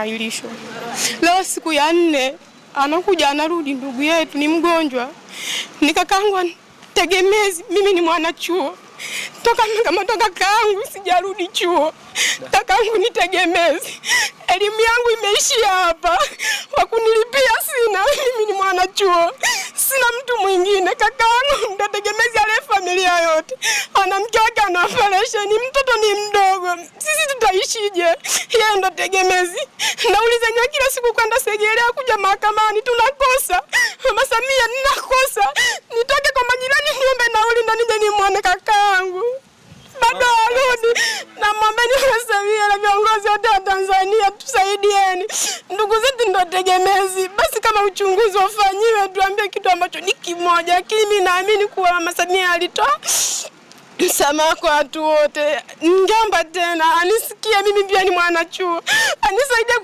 mahahirisho. Leo siku ya nne anakuja anarudi, ndugu yetu ni mgonjwa, ni kakangu tegemezi. Mimi ni mwana chuo toka kama toka sijarudi chuo, takangu nitegemezi, elimu yangu imeishia hapa, wakunilipia sina. Mimi ni mwana chuo, sina mtu mwingine. Kakangu ndo tegemezi ale familia yote, ana mke wake, ana operesheni, mtoto ni mdogo taishije? Yeye ndo tegemezi. Nauliza nyewe kila siku kwenda Segerea kuja mahakamani tunakosa. Mama Samia ninakosa. Nitoke kwa majirani niombe nauli ndo nije nimwone kakaangu. Bado arudi. Namwombeni Mama Samia na viongozi wote wa Tanzania tusaidieni. Ndugu zetu ndo tegemezi. Basi kama uchunguzi ufanyiwe tuambie kitu ambacho ni kimoja. Lakini mimi naamini kuwa Mama Samia alitoa msamaha kwa watu wote. Ngamba tena anisikie, mimi pia ni mwanachuo, anisaidie.